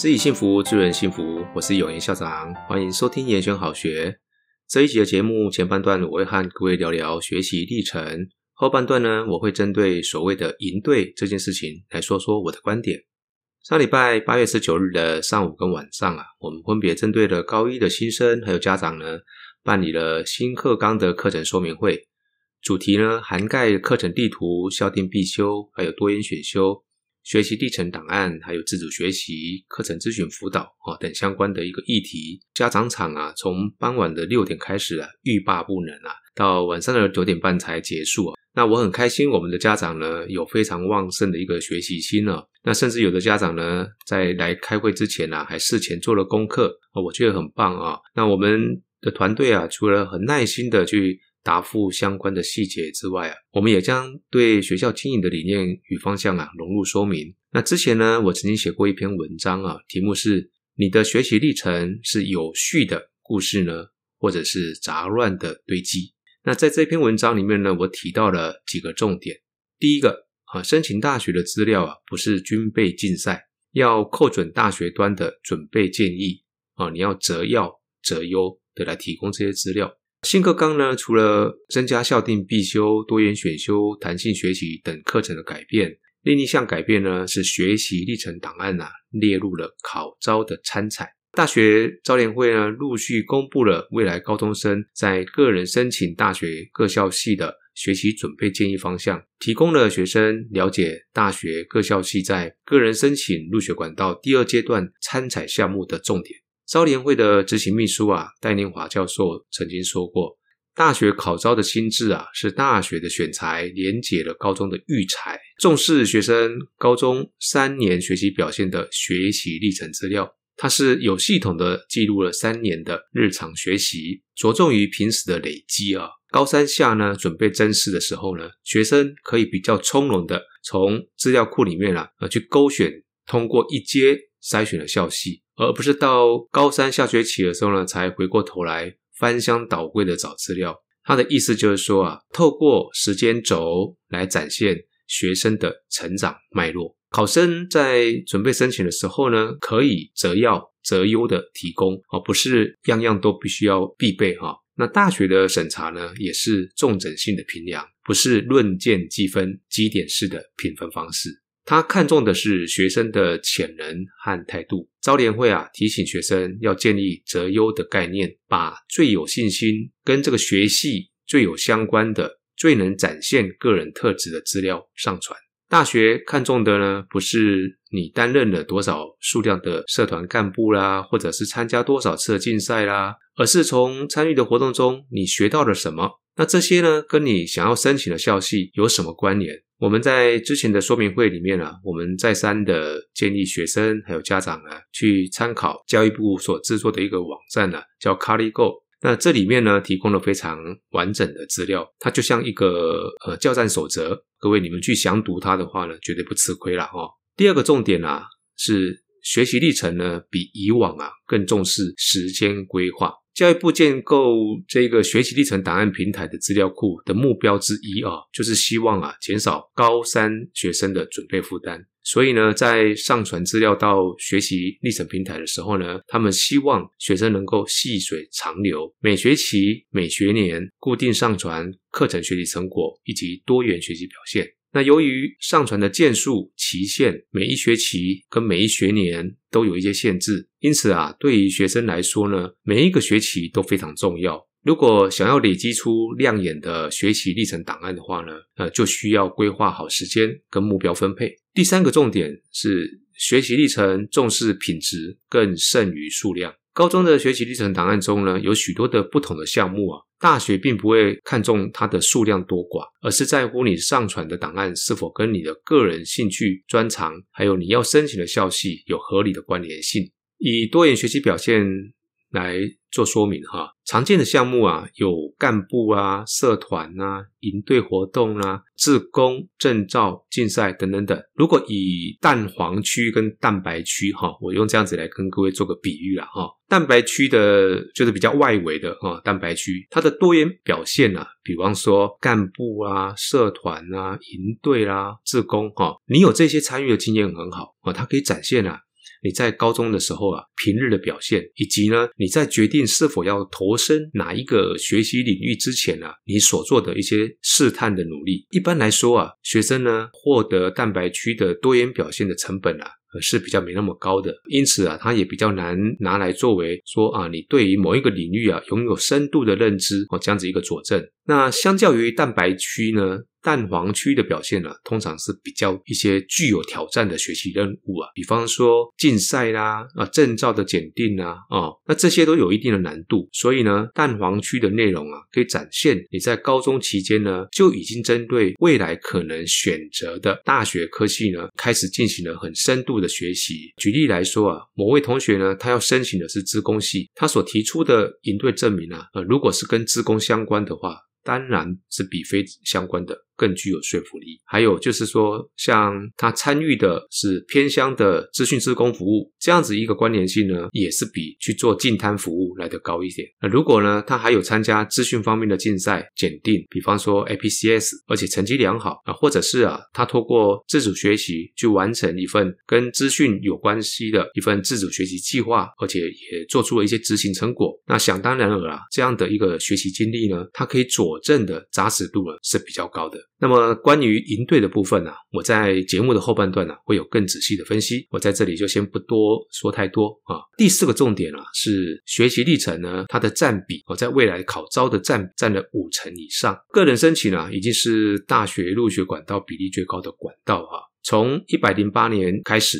自己幸福，助人幸福。我是勇延校長，歡迎收聽延選好學這一集的節目。前半段我會和各位聊聊學習歷程，後半段呢，我會針對所謂的“營隊”這件事情來說說我的觀點。上禮拜八月十九日的上午跟晚上啊，我們分別針對了高一的新生還有家長呢，辦理了新課綱的課程說明會，主題呢涵蓋課程地圖、校訂必修還有多元選修。學習歷程檔案，還有自主學習課程諮詢輔導、哦、等相關的一個議題，家長場啊，從傍晚的六點開始啊，欲罷不能啊，到晚上的九點半才結束、啊、那我很開心，我們的家長呢有非常旺盛的一個學習心呢、啊。那甚至有的家長呢在來開會之前呢、啊，還事前做了功課啊，我覺得很棒啊。那我們的團隊啊，除了很耐心的去。答復相關的細節之外啊，我們也將對學校經營的理念與方向啊融入說明。那之前呢，我曾經寫過一篇文章啊，題目是“你的學習歷程是有序的故事呢，或者是雜亂的堆積”。那在這篇文章裡面呢，我提到了幾個重點。第一個啊，申請大學的資料啊，不是軍備競賽，要扣準大學端的準備建議啊，你要擇要擇優的來提供這些資料。新課綱呢，除了增加校定必修、多元選修、彈性學習等課程的改變，另一項改變呢，是學習歷程檔案吶啊，列入了考招的參採。大學招聯會呢，陸續公布了未來高中生在個人申請大學各校系的學習準備建議方向，提供了學生了解大學各校系在個人申請入學管道第二階段參採項目的重點。招聯會的執行秘書啊，戴念華教授曾經說過，大學考招的心智啊，是大學的選才連結了高中的育才，重視學生高中三年學習表現的學習歷程資料，它是有系統的記錄了三年的日常學習，着重於平時的累積啊。高三下呢，準備甄試的時候呢，學生可以比較從容的從資料庫裡面啊，呃，去勾選通過一階篩選的校系。而不是到高三下學期的時候呢，才回過頭來翻箱倒櫃的找資料。他的意思就是說啊，透過時間軸來展現學生的成長脈絡。考生在準備申請的時候呢，可以擇要擇優的提供，而不是樣樣都必須要必備哈。那大學的審查呢，也是重整性的評量，不是論件計分、積點式的評分方式。他看重的是學生的潛能和態度。招聯會啊，提醒學生要建立擇優的概念，把最有信心、跟這個學系最有相關的、最能展現個人特質的資料上傳。大學看重的呢，不是你擔任了多少數量的社團幹部啦，或者是參加多少次的競賽啦，而是從參與的活動中你學到了什麼。那這些呢，跟你想要申請的校系有什麼關聯？我們在之前的說明會裡面呢、啊，我們再三的建議學生還有家長啊，去參考教育部所制作的一個網站呢、啊，叫 ColleGo。那這裡面呢，提供了非常完整的資料，它就像一個呃教戰守則。各位你們去詳讀它的話呢，絕對不吃虧了哦。第二個重點呢、啊、是。學習歷程呢，比以往啊更重視時間規劃。教育部建構這個學習歷程檔案平台的資料庫的目標之一啊，就是希望啊減少高三學生的準備負擔。所以呢，在上傳資料到學習歷程平台的時候呢，他們希望學生能夠細水長流，每學期、每學年固定上傳課程學習成果以及多元學習表現。那由於上傳的件數、期限，每一學期跟每一學年都有一些限制，因此啊，對於學生來說呢，每一個學期都非常重要。如果想要累積出亮眼的學習歷程檔案的話呢，呃，就需要規劃好時間跟目標分配。第三個重點是，學習歷程重視品質，更勝於數量。高中的學習歷程檔案中呢，有許多的不同的項目啊。大學並不會看重它的數量多寡，而是在乎你上傳的檔案是否跟你的個人興趣、專長，還有你要申請的校系有合理的關聯性。以多元學習表現。來做說明哈，常見的項目啊，有幹部啊、社團啊、營隊活動啊、志工證照競賽等等等。如果以蛋黃區跟蛋白區哈，我用這樣子來跟各位做個比喻了哈，蛋白區的就是比較外圍的啊，蛋白區它的多元表現啊，比方說幹部啊、社團啊、營隊啦、啊、志工哈、啊，你有這些參與的經驗很好啊，它可以展現啊。你在高中的時候啊，平日的表現，以及呢，你在決定是否要投身哪一個學習領域之前啊，你所做的一些試探的努力。一般來說啊，學生呢獲得蛋白區的多元表現的成本啊，是比較沒那麼高的，因此啊，他也比較難拿來作為說啊，你對於某一個領域啊擁有深度的認知哦，這樣子一個佐證。那相較於蛋白區呢？蛋黃區的表現呢、啊，通常是比較一些具有挑戰的學習任務啊，比方說競賽啦、啊證照的檢定啦、啊，啊、哦、那這些都有一定的難度。所以呢，蛋黃區的內容啊，可以展現你在高中期間呢，就已經針對未來可能選擇的大學科系呢，開始進行了很深度的學習。舉例來說啊，某位同學呢，他要申請的是資工系，他所提出的營隊證明啊，呃如果是跟資工相關的話，當然是比非相關的。更具有說服力。還有就是說，像他參與的是偏鄉的資訊志工服務這樣子一個關聯性呢，也是比去做淨灘服務來得高一點。那如果呢，他還有參加資訊方面的競賽檢定，比方說 APCS，而且成績良好啊，或者是啊，他透過自主學習去完成一份跟資訊有關係的一份自主學習計劃，而且也做出了一些執行成果，那想當然爾啊，這樣的一個學習經歷呢，它可以佐證的扎實度呢是比較高的。那麼關於營隊的部分呢、啊，我在節目的後半段呢、啊、會有更仔細的分析，我在這裡就先不多說太多啊。第四個重點啊是學習歷程呢，它的占比我、啊、在未來考招的占占了五成以上，個人申請呢已經是大學入學管道比例最高的管道啊，從一百零八年開始。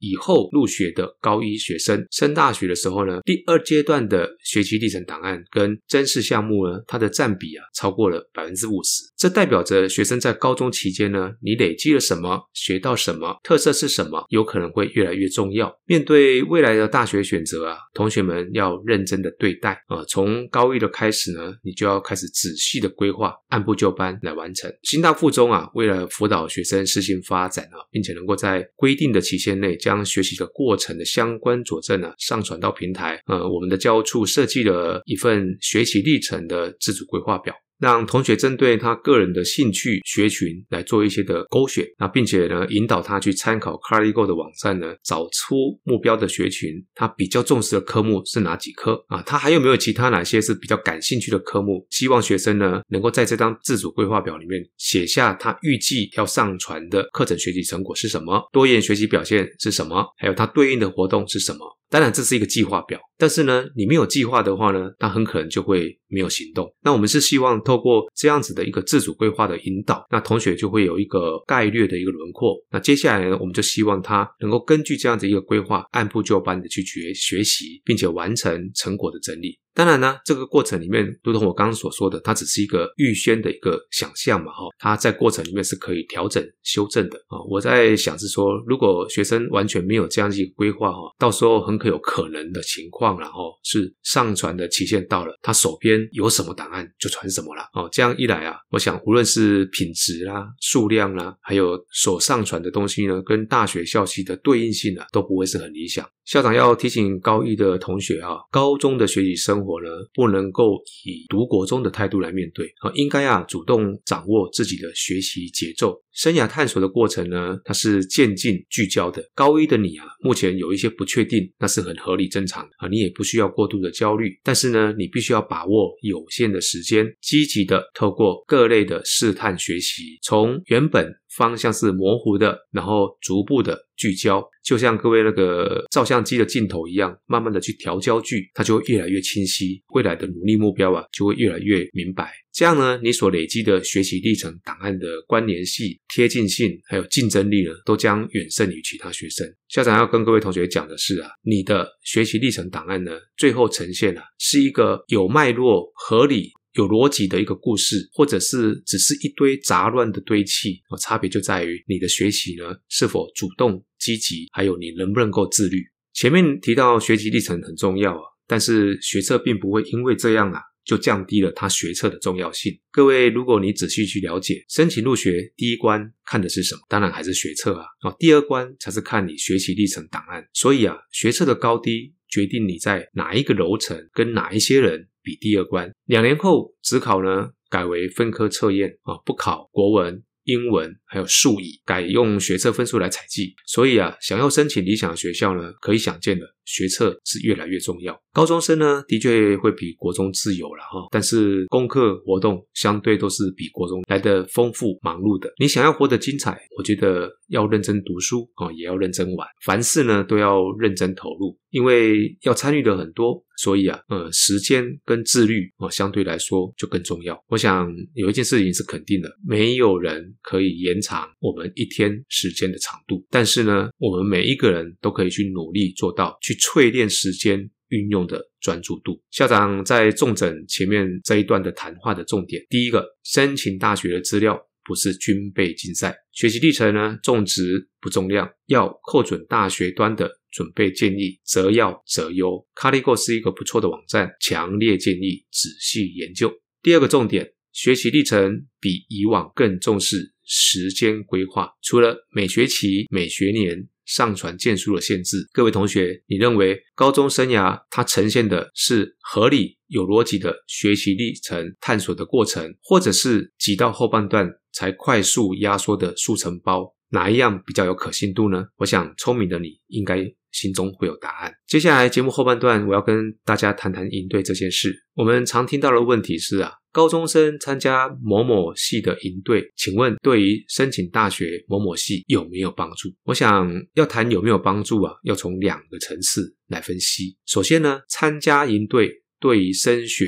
以後入學的高一學生升大學的時候呢，第二階段的學習歷程檔案跟甄試項目呢，它的占比啊超過了百分之五十。這代表着學生在高中期間呢，你累積了什麼，學到什麼，特色是什麼，有可能會越來越重要。面對未來的大學選擇啊，同學們要認真的對待。呃，從高一的開始呢，你就要開始仔細的規劃，按部就班來完成。新大附中啊，為了輔導學生個性發展啊，並且能夠在規定的期限內。將學習的過程的相關佐證呢，上傳到平台。呃，我們的教務處設計了一份學習歷程的自主規劃表。讓同學針對他個人的興趣學群來做一些的勾選，那並且呢引導他去參考 Carly Go 的網站呢，找出目標的學群，他比較重視的科目是哪幾科啊？他還有沒有其他哪些是比較感興趣的科目？希望學生呢能夠在這張自主規劃表裡面寫下他預計要上傳的課程學習成果是什麼，多元學習表現是什麼，還有他對應的活動是什麼。當然這是一個計劃表，但是呢，你沒有計劃的話呢，那很可能就會沒有行動。那我們是希望透過這樣子的一個自主規劃的引導，那同學就會有一個概略的一個輪廓。那接下來呢，我們就希望他能夠根據這樣子一個規劃，按部就班的去學學習，並且完成成果的整理。當然呢、啊，這個過程裡面，如同我剛剛所說的，它只是一個預先的一個想象嘛，哈，它在過程裡面是可以調整修正的啊、哦。我在想是說，如果學生完全沒有這樣一個規劃哈，到時候很可有可能的情況啦，然、哦、後是上傳的期限到了，他手邊有什麼檔案就傳什麼了，哦，這樣一來啊，我想無論是品質啦、啊、數量啦、啊，還有所上傳的東西呢，跟大學校系的對應性呢、啊，都不會是很理想。校長要提醒高一的同學啊，高中的學習生活呢，不能夠以讀國中的態度來面對啊，應該啊主動掌握自己的學習節奏。生涯探索的過程呢，它是漸進聚焦的。高一的你啊，目前有一些不確定，那是很合理正常的啊，你也不需要過度的焦慮。但是呢，你必須要把握有限的時間，積極的透過各類的試探學習，從原本。方向是模糊的，然後逐步的聚焦，就像各位那個照相機的鏡頭一樣，慢慢的去調焦距，它就會越來越清晰。未來的努力目標啊，就會越來越明白。這樣呢，你所累積的學習歷程檔案的關聯性、貼近性，還有競爭力呢，都將遠勝於其他學生。校長要跟各位同學講的是啊，你的學習歷程檔案呢，最後呈現啊，是一個有脈絡、合理有邏輯的一個故事，或者是只是一堆雜亂的堆砌，哦，差別就在於你的學習呢是否主動積極，還有你能不能夠自律。前面提到學習歷程很重要啊，但是學測並不會因為這樣啊就降低了他學測的重要性。各位，如果你仔細去了解申請入學第一關看的是什麼？當然還是學測啊，哦，第二關才是看你學習歷程檔案。所以啊，學測的高低決定你在哪一個樓層跟哪一些人。第二關，兩年後，指考呢改為分科測驗啊，不考國文、英文，還有數乙，改用學測分數來採計。所以啊，想要申請理想的學校呢，可以想見的，學測是越來越重要。高中生呢，的確會比國中自由了哈，但是功課活動相對都是比國中來得豐富、忙碌的。你想要活得精彩，我覺得要認真讀書啊，也要認真玩，凡事呢都要認真投入。因為要參與的很多，所以啊，呃，時間跟自律啊、呃，相對來說就更重要。我想有一件事情是肯定的，沒有人可以延長我們一天時間的長度，但是呢，我們每一個人都可以去努力做到，去淬煉時間運用的專注度。校長在重整前面這一段的談話的重點，第一個，申請大學的資料不是軍備競賽，學習歷程呢，重質不重量，要扣準大學端的。準備建議擇要擇優，ColleGo 是一個不錯的網站，強烈建議仔細研究。第二個重點，學習歷程比以往更重視時間規劃。除了每學期、每學年上傳件數的限制，各位同學，你認為高中生涯它呈現的是合理有邏輯的學習歷程探索的過程，或者是擠到後半段才快速壓縮的速成包？哪一樣比較有可信度呢？我想聰明的你應該心中會有答案。接下來節目後半段，我要跟大家談談營隊這件事。我們常聽到的問題是啊，高中生參加某某系的營隊，請問對於申請大學某某系有沒有幫助？我想要談有沒有幫助啊，要從兩個層次來分析。首先呢，參加營隊，對於升學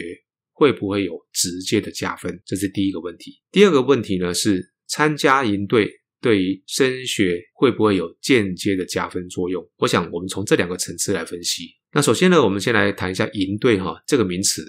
會不會有直接的加分？這是第一個問題。第二個問題呢是參加營隊。對於升學會不會有間接的加分作用？我想我們從這兩個層次來分析。那首先呢，我們先來談一下營隊哈，這個名詞，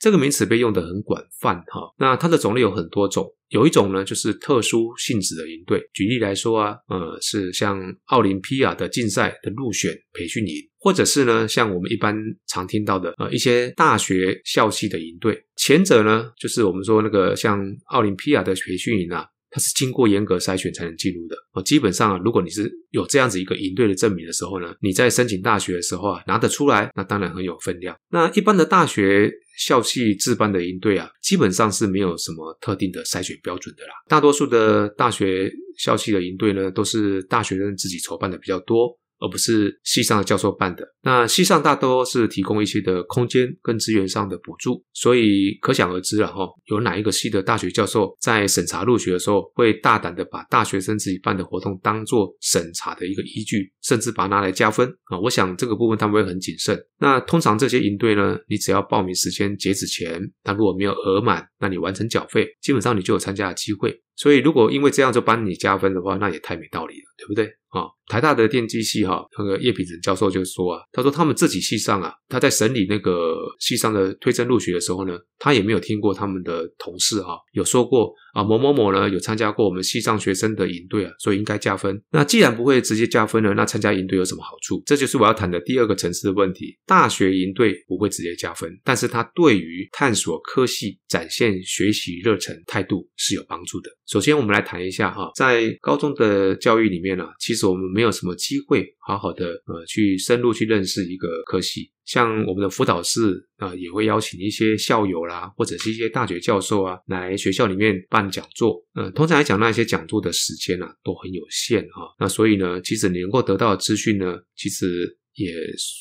這個名詞被用得很廣泛哈。那它的種類有很多種，有一種呢就是特殊性質的營隊。舉例來說啊，呃，是像奧林匹亞的競賽的入選培訓營，或者是呢像我們一般常聽到的呃一些大學校系的營隊。前者呢就是我們說那個像奧林匹亞的培訓營啊。它是經過嚴格篩選才能進入的哦。基本上啊，如果你是有這樣子一個營隊的證明的時候呢，你在申請大學的時候啊，拿得出來，那當然很有分量。那一般的大學校系自辦的營隊啊，基本上是沒有什麼特定的篩選標準的啦。大多數的大學校系的營隊呢，都是大學生自己籌辦的比較多，而不是系上的教授辦的。那系上大多是提供一些的空間跟資源上的補助，所以可想而知了哈。有哪一個系的大學教授在審查入學的時候，會大膽的把大學生自己辦的活動當做審查的一個依據，甚至把它拿來加分啊？我想這個部分他們會很謹慎。那通常這些營隊呢，你只要報名時間截止前，但如果沒有額滿，那你完成繳費，基本上你就有參加的機會。所以，如果因為這樣就幫你加分的話，那也太沒道理了，對不對啊、哦？台大的電機系哈、哦，那個葉丙成教授就說啊，他說他們自己系上啊，他在審理那個系上的推甄入學的時候呢，他也沒有聽過他們的同事哈、啊、有說過啊某某某呢有參加過我們系上學生的營隊啊，所以應該加分。那既然不會直接加分了，那參加營隊有什麼好處？這就是我要談的第二個層次的問題。大學營隊不會直接加分，但是他對於探索科系、展現學習熱忱態度是有幫助的。首先，我們來談一下哈，在高中的教育裡面呢，其實我們沒有什麼機會好好的呃去深入去認識一個科系。像我們的輔導室啊，也會邀請一些校友啦，或者是一些大學教授啊，來學校裡面辦講座。呃、嗯，通常來講，那些講座的時間呢、啊，都很有限哈。那所以呢，其實你能夠得到的資訊呢，其實也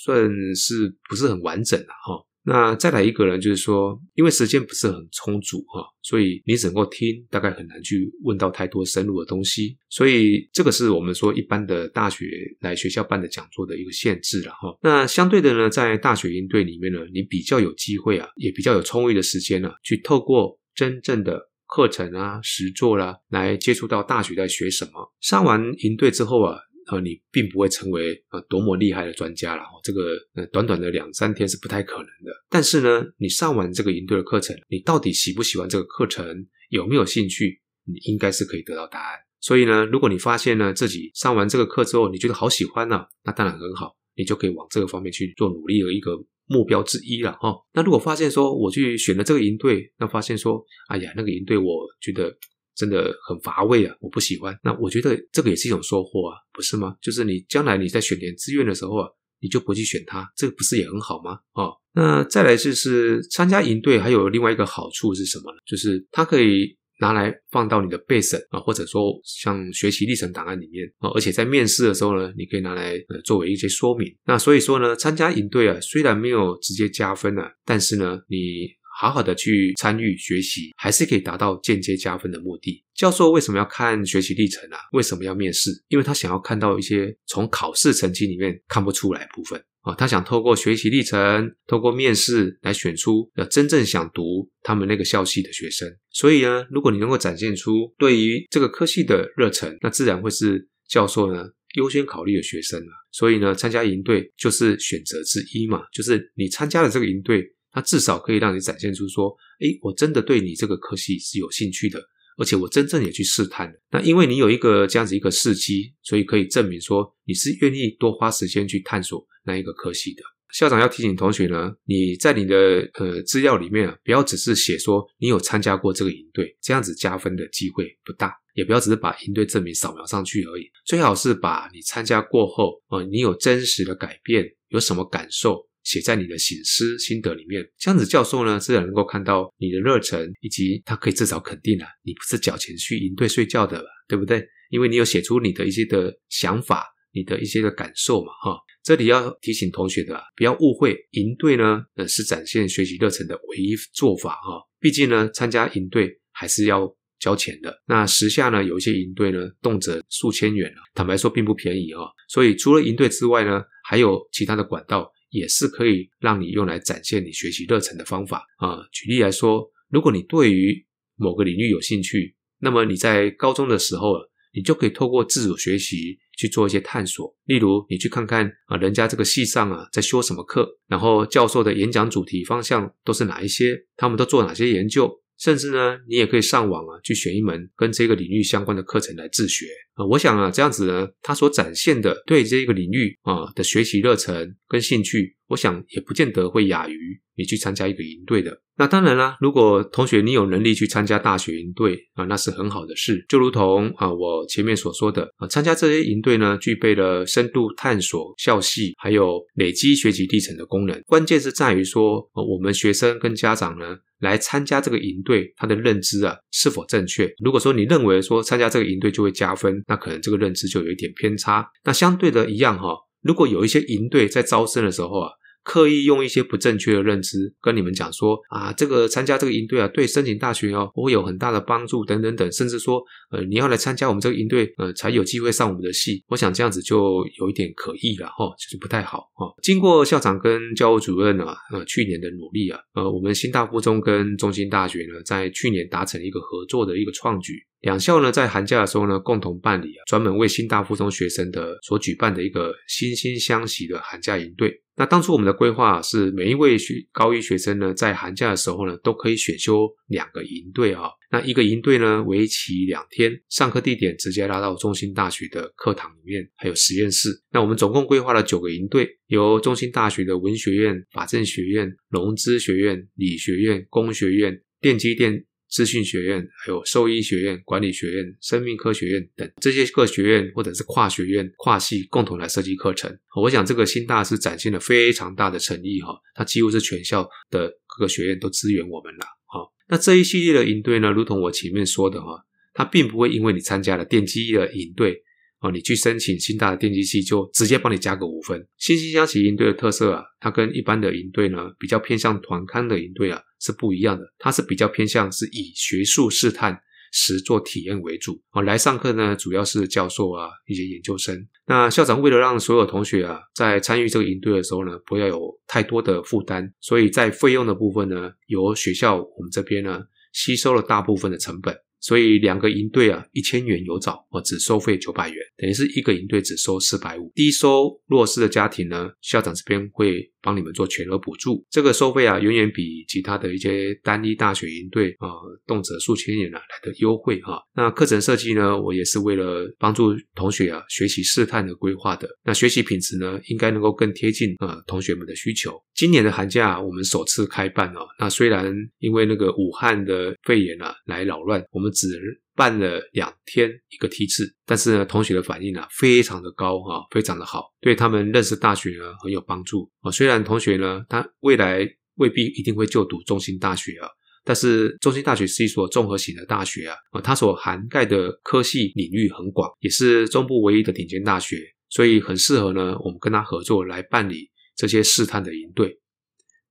算是不是很完整了哈。那再來一個人，就是說，因為時間不是很充足哈，所以你只能夠聽，大概很難去問到太多深入的東西。所以這個是我們說一般的大學來學校辦的講座的一個限制了哈。那相對的呢，在大學營隊裡面呢，你比較有機會啊，也比較有充裕的時間啊，去透過真正的課程啊、實作啦、啊，來接觸到大學在學什麼。上完營隊之後啊。呃，你並不會成為呃多麼厲害的專家了，哦，這個呃短短的兩三天是不太可能的。但是呢，你上完這個營隊的課程，你到底喜不喜歡這個課程，有沒有興趣，你應該是可以得到答案。所以呢，如果你發現呢自己上完這個課之後，你覺得好喜歡呢、啊，那當然很好，你就可以往這個方面去做努力的一個目標之一了，哈。那如果發現說我去選了這個營隊，那發現說，哎呀，那個營隊我覺得。真的很乏味啊，我不喜歡。那我覺得這個也是一種收穫啊，不是嗎？就是你將來你在選填志願的時候啊，你就不去選它，這個不是也很好嗎？啊、哦，那再來就是參加營隊還有另外一個好處是什麼呢？就是它可以拿來放到你的備審啊，或者說像學習歷程檔案裡面啊。而且在面試的時候呢，你可以拿來呃作為一些說明。那所以說呢，參加營隊啊，雖然沒有直接加分啊，但是呢，你。好好的去參與學習，還是可以達到間接加分的目的。教授為什麼要看學習歷程啊？為什麼要面試？因為他想要看到一些從考試成績裡面看不出來的部分啊，哦，他想透過學習歷程，透過面試來選出要真正想讀他們那個校系的學生。所以呢，如果你能夠展現出對於這個科系的熱忱，那自然會是教授呢優先考慮的學生。啊，所以呢，參加營隊就是選擇之一嘛，就是你參加了這個營隊。那至少可以讓你展現出說，誒、欸、我真的對你這個科系是有興趣的，而且我真正也去試探。那因為你有一個這樣子一個試機，所以可以證明說你是願意多花時間去探索那一個科系的。校長要提醒同學呢，你在你的呃資料裡面啊，不要只是寫說你有參加過這個營隊，這樣子加分的機會不大。也不要只是把營隊證明掃描上去而已，最好是把你參加過後呃你有真實的改變，有什麼感受。寫在你的寫詩心得裡面，這樣子教授呢，自然能夠看到你的熱忱，以及他可以至少肯定了、啊、你不是繳錢去營隊睡覺的，對不對？因為你有寫出你的一些的想法，你的一些的感受嘛，哈、哦。這裡要提醒同學的，不要誤會營隊呢，呃，是展現學習熱忱的唯一做法哈。畢、哦、竟呢，參加營隊還是要繳錢的。那時下呢，有一些營隊呢，動輒數千元了，坦白說並不便宜哈、哦。所以除了營隊之外呢，還有其他的管道。也是可以讓你用來展現你學習熱忱的方法啊、呃。舉例來說，如果你對於某個領域有興趣，那麼你在高中的時候啊，你就可以透過自主學習去做一些探索。例如，你去看看啊、呃，人家這個系上啊在修什麼課，然後教授的演講主題方向都是哪一些，他們都做哪些研究，甚至呢，你也可以上網啊去選一門跟這個領域相關的課程來自學。呃、我想啊，這樣子呢，他所展現的對這個領域啊、呃、的學習熱忱跟興趣，我想也不見得會亞於你去參加一個營隊的。那當然啦、啊，如果同學你有能力去參加大學營隊啊，那是很好的事。就如同啊、呃，我前面所說的啊，參、呃、加這些營隊呢，具備了深度探索校系，還有累積學習歷程的功能。關鍵是在於說、呃，我們學生跟家長呢，來參加這個營隊，他的認知啊是否正確？如果說你認為說參加這個營隊就會加分，那可能這個認知就有一點偏差。那相對的一樣哈，如果有一些營隊在招生的時候啊，刻意用一些不正確的認知跟你們講說啊，這個參加這個營隊啊，對申請大學哦會有很大的幫助等等等，甚至說呃你要來參加我們這個營隊呃才有機會上我們的系，我想這樣子就有一點可疑了哈、哦，就是不太好哈、哦。經過校長跟教務主任啊，呃去年的努力啊，呃我們新大附中跟中興大學呢在去年達成一個合作的一個創舉，兩校呢在寒假的時候呢共同辦理啊專門為新大附中學生的所舉辦的一個惺惺相惜的寒假營隊。那當初我們的規劃是，每一位學高一學生呢，在寒假的時候呢，都可以選修兩個營隊啊、哦。那一個營隊呢，為期兩天，上課地點直接拉到中興大學的課堂裡面，還有實驗室。那我們總共規劃了九個營隊，由中興大學的文學院、法政學院、農資學院、理學院、工學院、電機電。資訊學院，還有獸醫學院、管理學院、生命科學院等這些各學院或者是跨學院、跨系共同來設計課程。我想這個新大是展現了非常大的誠意哈，它幾乎是全校的各個學院都支援我們了。好，那這一系列的營隊呢，如同我前面說的哈，它並不會因為你參加了電機的營隊。哦，你去申請新大的電機系，就直接幫你加個五分。新西廂旗營隊的特色啊，它跟一般的營隊呢，比較偏向團康的營隊啊，是不一樣的。它是比較偏向是以學術試探、實作體驗為主啊、哦。來上課呢，主要是教授啊，一些研究生。那校長為了讓所有同學啊，在參與這個營隊的時候呢，不要有太多的負擔，所以在費用的部分呢，由學校我們這邊呢，吸收了大部分的成本。所以兩個營隊啊，一千元有找，我只收費九百元，等於是一個營隊只收四百五。低收弱勢的家庭呢，校長這邊會幫你們做全額補助。這個收費啊，遠遠比其他的一些單一大學營隊啊，動輒數千元啊來得優惠哈、啊。那課程設計呢，我也是為了幫助同學啊學習試探的規劃的，那學習品質呢，應該能夠更貼近呃、啊、同學們的需求。今年的寒假、啊、我們首次開辦啊,那雖然因為那個武漢的肺炎啊來擾亂我們。只辦了兩天一個梯次，但是呢，同學的反應呢、啊、非常的高啊，非常的好，對他們認識大學呢很有幫助啊。雖然同學呢他未來未必一定會就讀中興大學啊，但是中興大學是一所綜合型的大學啊，啊，它所涵蓋的科系領域很廣，也是中部唯一的頂尖大學，所以很適合呢我們跟他合作來辦理這些試探的營隊，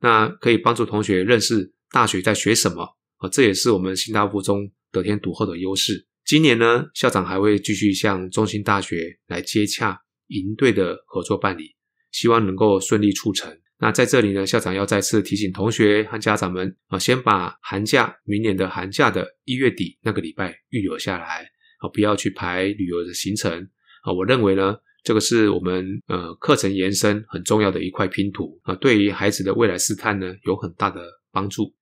那可以幫助同學認識大學在學什麼啊，這也是我們興大附中。得天獨厚的優勢。今年呢，校長還會繼續向中興大學來接洽營隊的合作辦理，希望能夠順利促成。那在這裡呢，校長要再次提醒同學和家長們啊、呃，先把寒假明年的寒假的一月底那個禮拜預留下來啊、呃，不要去排旅遊的行程啊、呃。我認為呢，這個是我們呃課程延伸很重要的一塊拼圖啊、呃，對於孩子的未來試探呢，有很大的幫助。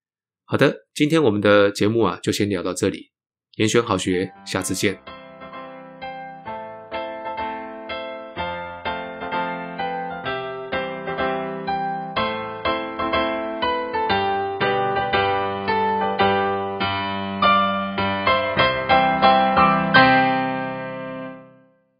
好的，今天我們的節目啊，就先聊到這裡。延選好學，下次見。